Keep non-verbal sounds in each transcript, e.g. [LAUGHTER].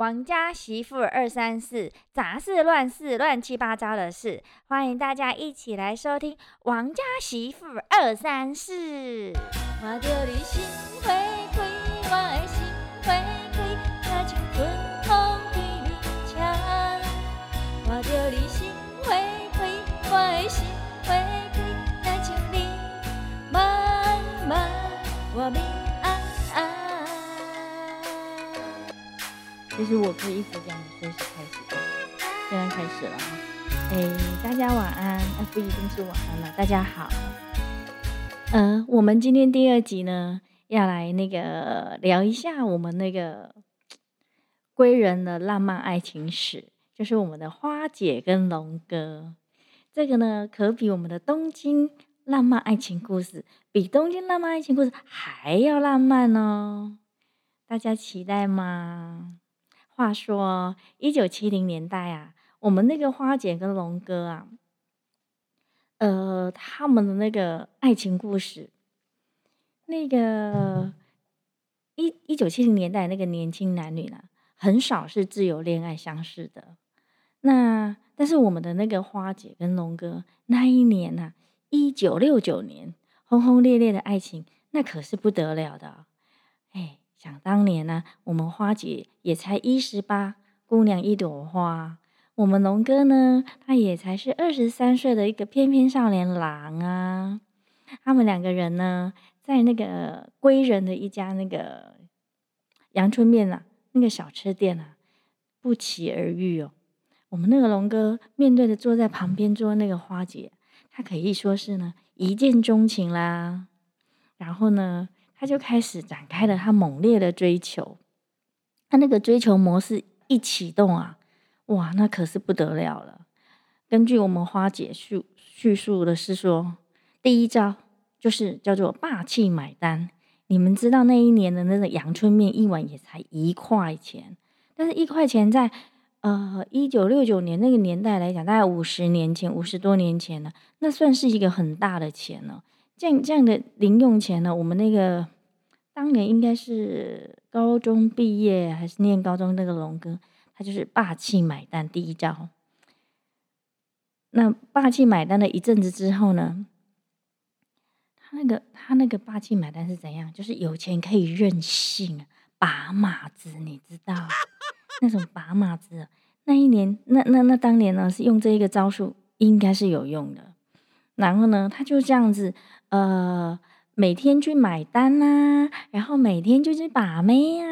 《王家媳婦二三四》，雜事亂事，亂七八糟的事，歡迎大家一起來收聽王《王家媳婦二三四》。其、就、實、是、我可以一直這樣子隨時開始，現在開始了。誒、哎，大家晚安、哎，那不一定是晚安了。大家好，呃，我們今天第二集呢，要來那個聊一下我們那個歸仁的浪漫愛情史，就是我們的花姐跟龍哥。這個呢，可比我們的東京浪漫愛情故事，比東京浪漫愛情故事還要浪漫哦。大家期待嗎？話說，一九七零年代啊，我們那個花姐跟龍哥啊，呃，他們的那個愛情故事，那個一一九七零年代那個年輕男女呢、啊，很少是自由戀愛相識的。那但是我們的那個花姐跟龍哥那一年呢、啊，一九六九年，轟轟烈烈的愛情，那可是不得了的，哎。想當年呢，我們花姐也才一十八，姑娘一朵花；我們龍哥呢，他也才是二十三歲的一個翩翩少年郎啊。他們兩個人呢，在那個歸仁的一家那個陽春麵吶、啊，那個小吃店吶、啊，不期而遇哦。我們那個龍哥面對着坐在旁邊桌那個花姐，他可以說是呢一見鍾情啦。然後呢？他就開始展開了他猛烈的追求，他那個追求模式一啟動啊，哇，那可是不得了了。根據我們花姐敘敘述的是說，第一招就是叫做霸氣買單。你們知道那一年的那個陽春麵一碗也才一塊錢，但是一塊錢在呃一九六九年那個年代來講，大概五十年前、五十多年前呢，那算是一個很大的錢了。這樣這樣的零用錢呢？我們那個當年應該是高中畢業還是念高中？那個龍哥，他就是霸氣買單第一招。那霸氣買單的一陣子之後呢，他那個他那個霸氣買單是怎樣？就是有錢可以任性啊，把馬子你知道？那種把馬子。那一年，那那那，那當年呢，是用這一個招數，應該是有用的。然後呢，他就這樣子，呃，每天去買單吶，然後每天就去把妹呀，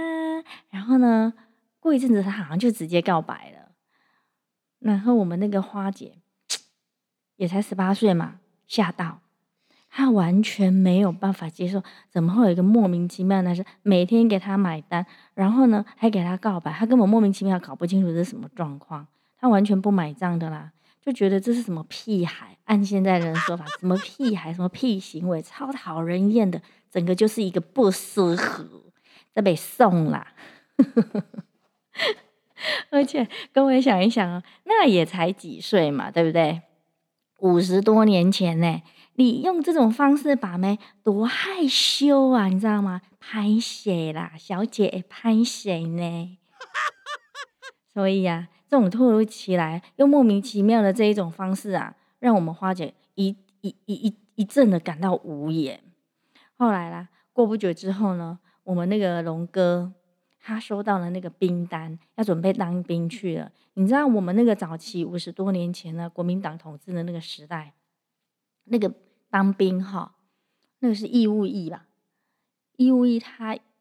然後呢，過一陣子他好像就直接告白了。然後我們那個花姐，也才十八歲嘛，嚇到，她完全沒有辦法接受，怎麼會有一個莫名其妙的男生每天給她買單，然後呢還給她告白，她根本莫名其妙，搞不清楚這是什麼狀況，她完全不買賬的啦。就覺得這是什麼屁孩？按現在人的說法，什麼屁孩，什麼屁行為，超討人厭的，整個就是一個不適合，得被送啦。 [LAUGHS] 而且各位想一想哦，那也才幾歲嘛，對不對？五十多年前呢，你用這種方式把妹，多害羞啊，你知道嗎？拍誰啦，小姐，拍誰呢？所以呀、啊。這種突如其來又莫名其妙的這一種方式啊，讓我們花姐一、一、一、一一陣的感到無言。後來啦，過不久之後呢，我們那個龍哥他收到了那個兵單，要準備當兵去了。你知道我們那個早期五十多年前呢，國民黨統治的那個時代，那個當兵哈，那個是義務役啦，義務役他，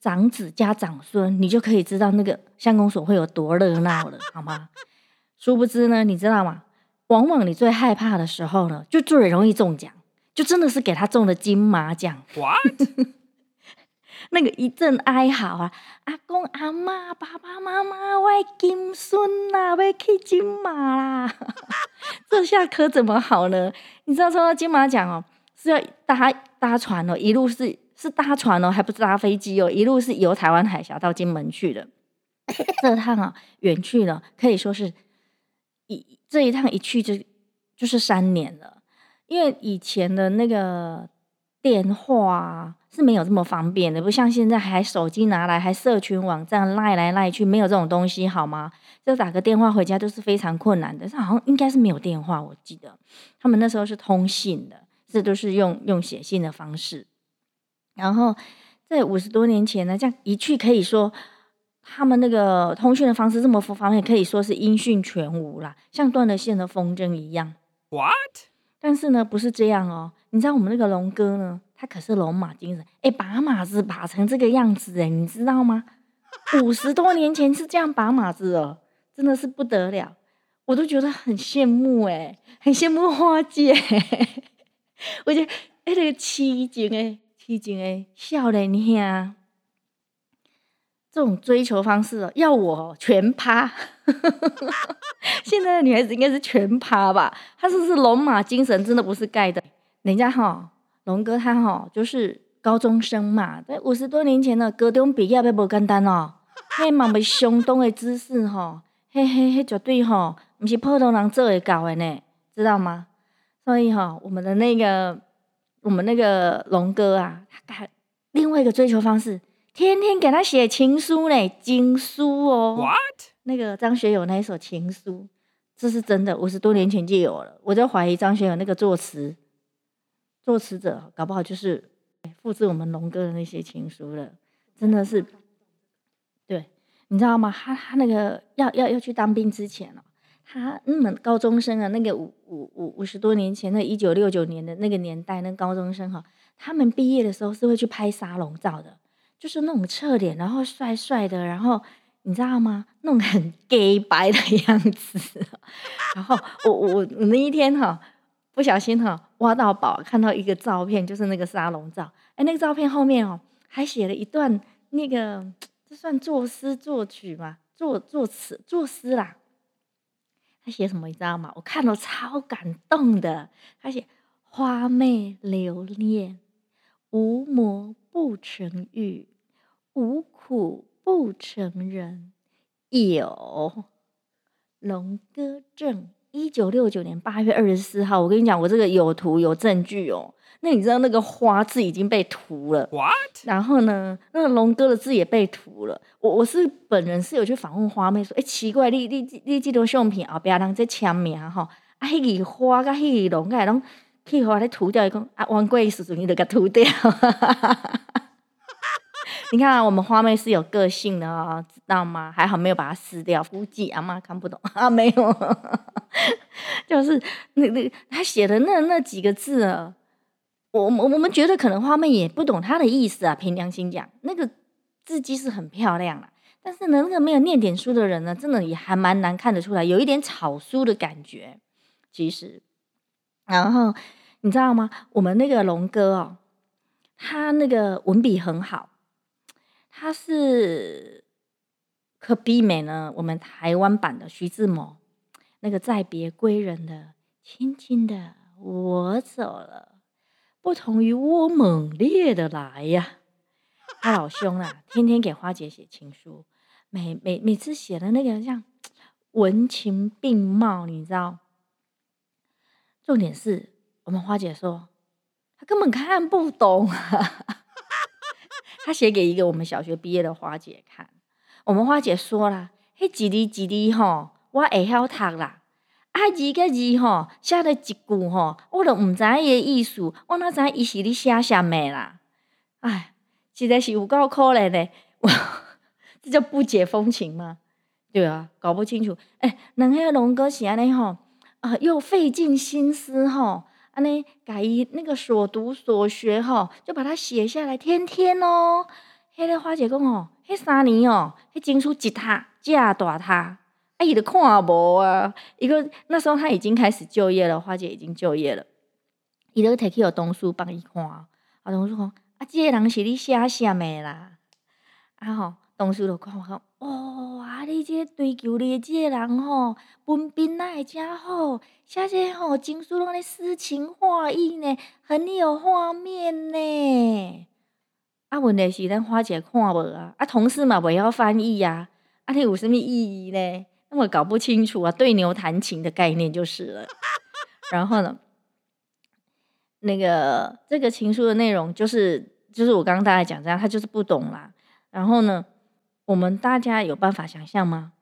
長子加長孫，你就可以知道那個鄉公所會有多熱鬧了，好嗎？殊不知呢，你知道嗎？往往你最害怕的時候呢，就最容易中獎，就真的是給他中了金馬獎。What？ [LAUGHS] 那個一陣哀嚎啊，阿公阿嬤、爸爸媽媽，我金孫啊，要去金馬啦、啊， [LAUGHS] 這下可怎麼好呢？你知道抽到金馬獎哦、喔，是要搭搭船哦、喔，一路是。是搭船哦，還不是搭飛機哦，一路是由台灣海峽到金門去的。 [LAUGHS] 這趟啊，遠去了，可以說是一這一趟一去就就是三年了。因為以前的那個電話是沒有這麼方便的，不像現在還手機拿來還社群網站賴來賴去，沒有這種東西好嗎？就打個電話回家都是非常困難的。這好像應該是沒有電話，我記得他們那時候是通信的，這都是用用寫信的方式。然後，在五十多年前呢，這樣一去可以說，他們那個通訊的方式這麼方便，可以說是音訊全無啦，像斷了線的風箏一樣。What？但是呢，不是這樣哦。你知道我們那個龍哥呢，他可是龍馬精神。誒，把馬子把成這個樣子，哎，你知道嗎？五十多年前是這樣把馬子哦，真的是不得了，我都覺得很羨慕誒，很羨慕花姐， [LAUGHS] 我覺得那、這個奇景誒以前的少年兄，這種追求方式，要我全趴。 [LAUGHS] 現在的女孩子應該是全趴吧？她是不是龍馬精神？真的不是蓋的。人家齁龍哥他齁就是高中生嘛，在五十多年前的高中畢業的無簡單哦、喔，那嘛要相當的姿勢齁、喔，嘿嘿，絕對齁，不是普通人做得到的呢，知道嗎？所以齁，我們的那個。我們那個龍哥啊，他改另外一個追求方式，天天給他寫情書呢，經書哦。What？那個張學友那一首情書，這是真的，五十多年前就有了。我就懷疑張學友那個作詞，作詞者搞不好就是複製我們龍哥的那些情書了。真的是，對，你知道嗎？他他那個要要要去當兵之前哦。他那麼、嗯、高中生啊，那個五五五五十多年前的，一九六九年的那個年代，那個、高中生哈、啊，他們畢業的時候是會去拍沙龍照的，就是那種側臉，然後帥帥的，然後你知道嗎？那種很 gay 白的樣子。 [LAUGHS] 然後我我我那一天哈、啊，不小心哈、啊、挖到寶，看到一個照片，就是那個沙龍照。哎，那個照片後面哦、啊，還寫了一段那個，這算作詩作曲嘛？作作詞作詩啦。他寫什麼你知道嗎？我看了我超感動的。他寫花妹留戀，無魔不成玉，無苦不成人。有龍哥正。一九六九年八月二十四號，我跟你講，我這個有圖有證據哦、喔。那你知道那個花字已經被塗了？What？然後呢，那個龍哥的字也被塗了。我我是本人是有去訪問花妹說，哎、欸，奇怪，你你你寄基多品啊，不要當在簽名吼。啊，這、那個花甲這個龍蓋龍，去花的塗掉，伊講啊，冤鬼的時陣伊就甲塗掉。 [LAUGHS] 你看啊，我們花妹是有個性的哦，知道嗎？還好沒有把它撕掉，估計阿媽看不懂啊，沒有， [LAUGHS] 就是那那他寫的那那幾個字啊，我我我們覺得可能花妹也不懂他的意思啊。憑良心講，那個字跡是很漂亮啊，但是呢，那個沒有念點書的人呢，真的也還蠻難看得出來，有一點草書的感覺，其實。然後你知道嗎？我們那個龍哥哦，他那個文筆很好。他是可媲美了我們臺灣版的徐志摩，那個《再別歸仁》的，輕輕的我走了，不同於我猛烈的來呀、啊。他老兄啊，天天給花姐寫情書，每每每次寫的那個像文情並茂，你知道？重點是，我們花姐說，他根本看不懂、啊。他寫給一個我們小學畢業的花姐看，我們花姐說啦，嘿，一字一字吼，我會曉讀啦，啊，幾個字吼，寫了一句吼，我都唔知伊的意思，我哪知伊是咧寫啥物啦？哎，實在是有夠可憐的，哇，這叫不解風情嘛。對啊，搞不清楚。哎、欸，人家龍哥是安尼吼啊、呃，又費盡心思吼。”安尼，家己那個所讀所學吼，就把它寫下來，天天哦、喔。迄、那個花姐講哦，迄三年哦、喔，迄證書一沓，遮大沓，啊伊著看啊無啊。伊講那時候他已經開始就業了，花姐已經就業了，伊都摕去有同事幫伊看，啊同事講啊，即、這個人是你寫寫的啦，啊吼，同事就看。哦，啊！你這個追求你的這個人吼，文筆那會真好，寫這吼情書攏咧詩情畫意呢，很有畫面呢。啊，問題是咱花姐看無啊，啊，同事嘛袂曉翻譯呀，啊，啊，你有什麼意義呢？我搞不清楚啊，對牛彈琴的概念就是了。然後呢，那個這個情書的內容就是就是我剛剛大概講這樣，他就是不懂啦。然後呢？我們大家有辦法想象嗎？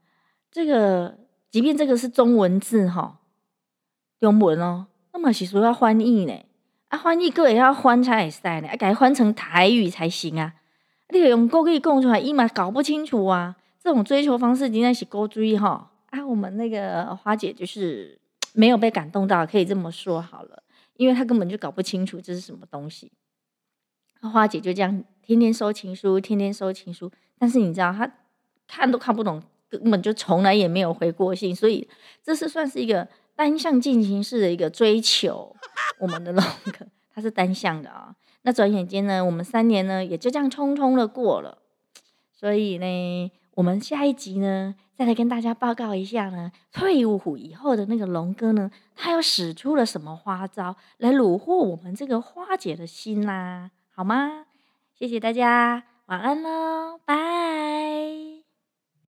這個，即便這個是中文字哈，中文哦，那麼寫說要翻譯呢？啊，翻譯個也要翻才一塞呢，啊，改換成台語才行啊！你用國語可以講出來，伊嘛搞不清楚啊！這種追求方式，今天是國注意哈！啊，我們那個花姐就是沒有被感動到，可以這麼說好了，因為她根本就搞不清楚這是什麼東西。花姐就這樣，天天收情書，天天收情書。但是你知道他看都看不懂，根本就從來也沒有回過信，所以這是算是一個單向進行式的一個追求。我們的龍哥他是單向的啊、哦。那轉眼間呢，我們三年呢也就這樣匆匆的過了。所以呢，我們下一集呢再來跟大家報告一下呢，退伍齁以後的那個龍哥呢，他又使出了什麼花招來擄獲我們這個花姐的心啦、啊？好嗎？謝謝大家。晚安嘍，拜。